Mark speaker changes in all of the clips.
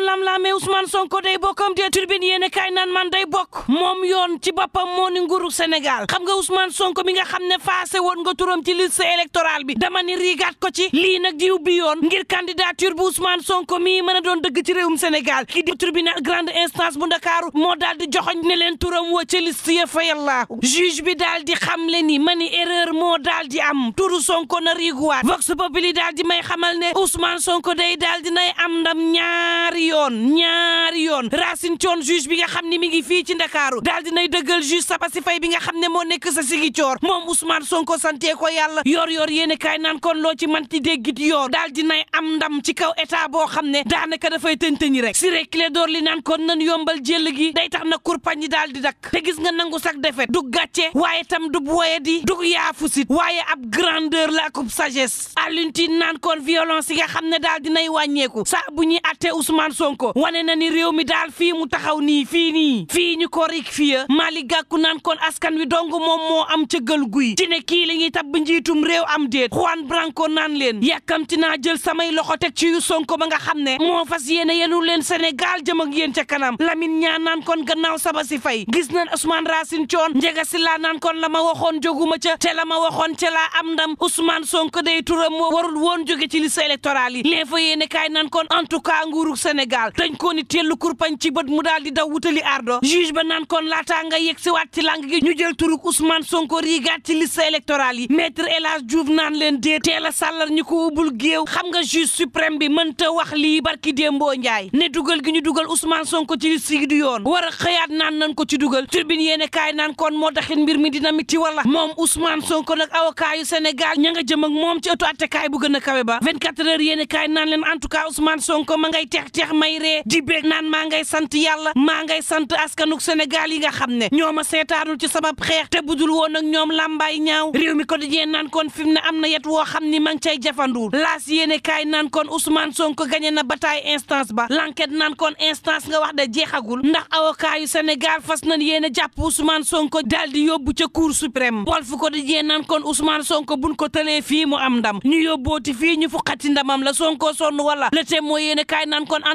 Speaker 1: daan lam-laamee Ousmane Sonko day bokkam dee turbine yéen a kaay naan man day bokk moom yoon ci boppam moo ni nguuru Sénégal xam nga Ousmane Sonko mi nga xam ne faase woon nga turam ci liste électorale bi dama ni riigaat ko ci lii nag di ubbi yoon ngir candidature bu Ousmane Sonko mi mën a doon dëgg ci réewum Sénégal ki di tribunal grande instance bu Ndakaaru moo daal di joxoñ ne leen turam wa ca liste ya fa yàlla juge bi daal di xam le ni ma ni erreur moo daal di am turu Sonko na riiguwaat Vox Populi daal di may xamal ne Ousmane Sonko day daal di am ndam ñaari yoon ñaari yoon Racine Thion juge bi nga xam ne mi ngi fii ci Ndakaaru daal dinay dëggal juge Sabassy Faye bi nga xam ne moo nekk sa sigi coor moom Ousmane Sonko santee ko yàlla yor yor yéen kaay naan kon loo ci manti déggit yoon daal dinay am ndam ci kaw état boo xam ne daanaka dafay tëñtëñi rek si rek clé d'or li naan kon nan yombal jël gi day tax na kurpañ yi daal di dakk te gis nga nangu sax defet du gàcce waaye tam du boye di du yaafu sit waaye ab grandeur la akub sagesse Alioune Tine naan kon yi nga xam ne daal dinay wàññeeku saa Ousmane Sonko wane na ni réew mi daal fii mu taxaw nii fii nii fii ñu ko rik fii Malick Gakou naan kon askan wi dong moom moo am cëggal guy ci ne kii la ñuy tabb njiitum réew am déet Juan Branco nan leen yàkkamti naa jël samay loxo teg ci yu Sonko ba nga xam ne moo fas yéene yenu leen Sénégal jëm ak yéen ca kanam Lamine ñaan naan kon gannaaw saba si fay gis nañ Ousmane Racine Thion njega si laa naan kon la ma waxoon jóguma ca te la ma waxoon ca laa am ndam Ousmane Sonko day turam moo warul woon jóge ci liste électorale yi Sénégal dañ koo ni tellu kurpañ ci bët mu daal di daw wutali ardo juge ba naan kon laata nga yegg si waat ci lang gi ñu jël turuk Ousmane Sonko riigaat ci liste électorale yi maître El Hadj Diouf naan leen dee teel a ñu ko ubbul géew xam nga juge suprême bi mënta wax lii barki démboo Njaay ne dugal gi ñu dugal Ousmane Sonko ci liste gi du yoon war xëyaat naan nañ ko ci dugal turbine yéene kaay naan kon moo taxit mbir mi dina miti wala moom Ousmane Sonko nag avocat yu Sénégal ña nga jëm ak moom ci ëttu a kawe ba 24 heures yéene kaay leen en tout cas Ousmane Sonko ma ngay tax may naan maa ngay sant yàlla maa ngay sant askanuk Sénégal yi nga xam ne ñoo ma seetaanul ci sabab xeex te budul woon ak ñoom làmbaay ñaaw réew ko quotidien naan kon fi mu ne am na yet woo xam ni ma ngi cay jafanduwul laas yéene kaay naan kon Ousmane Sonko gagné na bataille instance ba l'enquête naan kon instance nga wax de jeexagul ndax avocat yu Sénégal fas nañ yéene jàpp Ousmane Sonko daal di yóbbu ca cour suprême Walf Quotidien naan kon Ousmane Sonko bun ko tëlee fii mu am ndam ñu yóbbooti fii ñu fuqati ndamam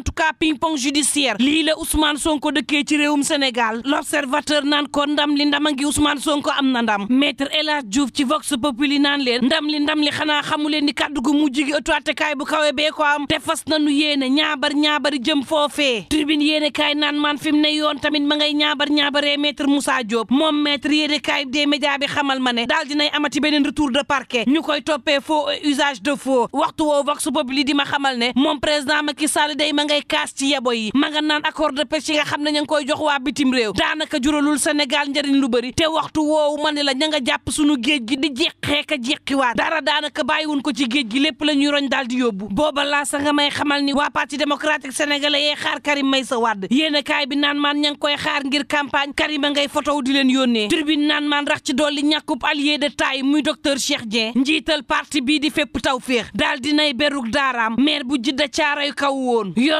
Speaker 1: tout cas ping-pong judiciaire lii la Sonko dëkkee ci réewum Sénégal l'observateur naan ko ndam li ndama ngi Ousmane Sonko am na ndam maître El Hadj Diouf ci Vox Populi naan leen ndam li ndam li xanaa xamu leen ni kàddu gu mujj gi ëttu attekaay bu kawe bee ko am te fas nanu yéene ñaabar ñaabari jëm foofee tribune yéene kaay naan man fi mu ne yoon tamit ma ngay ñaabar ñaabaree metre Moussa Diop moom maître yéene kaay des médias bi xamal ma ne daal dinay amati beneen retour de parquet ñu koy toppee faux usage de faux waxtu woo Vox di ma xamal ne moom président Macky Sall ma ngay kaas ci yebo yi ma nga naan accord de pêche nga xam ne ña ngi koy jox waa bitim réew daanaka juralul Sénégal njëriñ lu bari te waxtu woowu ma ne la ña nga jàpp sunu géej gi di jeqee ka jeqiwaat dara daanaka bàyyiwun ko ci géej gi lépp la ñuy roñ daal di yóbbu booba la sa nga may xamal ni waa parti démocratique sénégalais yee xaar Karim Meïssa Wade yéen a kaay bi naan maan ña ngi koy xaar ngir campagne Karima ngay photo di leen yónnee tribune naan maan rax ci dolli ñàkkub allié de taille muy docteur Cheikh Dieng njiital parti bii di fépp taw féex daal dinay beruk daaraam maire bu jidda caaray kaw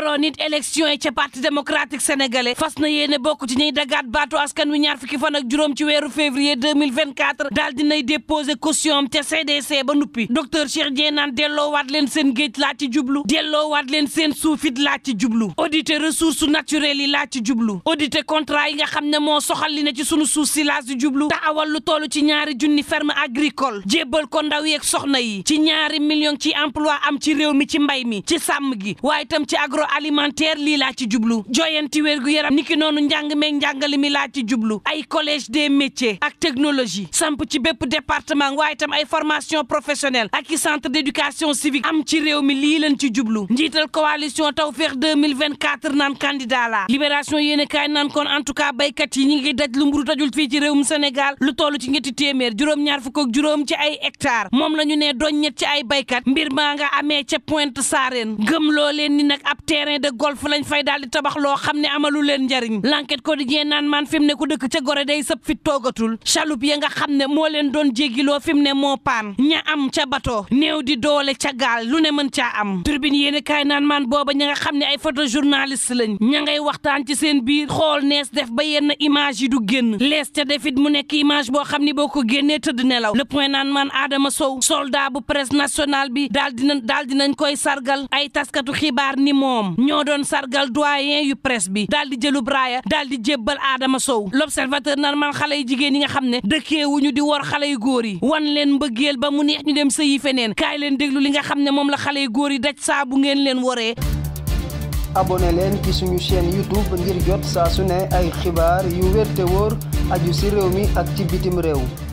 Speaker 1: faroo nit élection yi parti démocratique sénégalais fas na yéene bokk ci ñuy dagaat baatu askan wi ñaar fukki fan ak juróom ci weeru février 2024 daal dinay déposé caution am ca CDC ba nuppi docteur Cheikh Dieng naan delloowaat leen seen géej laa ci jublu delloowaat leen seen suufit laa ci jublu auditer ressources naturelles yi laa ci jublu auditer contrat yi nga xam ne moo soxal li ne ci sunu suuf si laa ci jublu taxawal lu toll ci ñaari junni ferme agricole jébbal ko ndaw yeeg soxna yi ci ñaari million ci emploi am ci réew mi ci mbay mi ci sàmm gi waaye itam ci agro alimentaire lii laa ci jublu joyanti wér gu yaram niki noonu njàng meeg njàngali mi laa ci jublu ay collège de métiers ak technologie samp ci bépp département waaye tam ay formation professionnelle ak i centre d'éducation civique am ci réew mi lii lañ ci jublu njiital coalition Tawfekh 2024 naan candidat la libération yéene kaay naan kon en tout cas béykat yi ñi ngi daj lu mburu tajul fii ci réewum Sénégal lu toll ci ñetti téeméer juróom-ñaar fukk ak juróom ci ay hectare moom la ñu ne doññet ci ay béykat mbir maa nga amee ca Pointe Sarène leen ni nag ab terre terrain de golf lañ fay daal di tabax loo xam ne amalu leen njariñ l'enquête quotidien naan maan fi mu ne ku dëkk ca gore day sëb fit toogatul chaloupe ya nga xam ne moo leen doon jéggiloo fi mu ne moo paan ña am ca bato néew di doole ca gaal lu ne mën caa am turbine yéen kaay naan maan booba ñaa nga xam ne ay photojournaliste lañ ña ngay waxtaan ci seen biir xool nees def ba yenn image yi du génn lees ca defit mu nekk image boo xam ni boo ko génnee tëdd nelaw le point naan maan Adama Sow soldat bu presse nationale bi daal dinañ daal dinañ koy sargal ay xibaar ni moom ñoom ñoo doon sargal doyen yu presse bi daal di jëlu braaya daal di jébbal aadama Sow l'observateur nan man xale yu jigéen yi nga xam ne dëkkeewuñu di wor xale yu góor yi wan leen mbëggeel ba mu neex ñu dem sëyi feneen kaay leen déglu li nga xam ne moom la xale yu góor yi daj saa bu ngeen leen woree abonné leen ci suñu chaîne youtube ngir jot saa su ne ay xibaar yu wér te wóor aju si réew mi ak ci bitim réew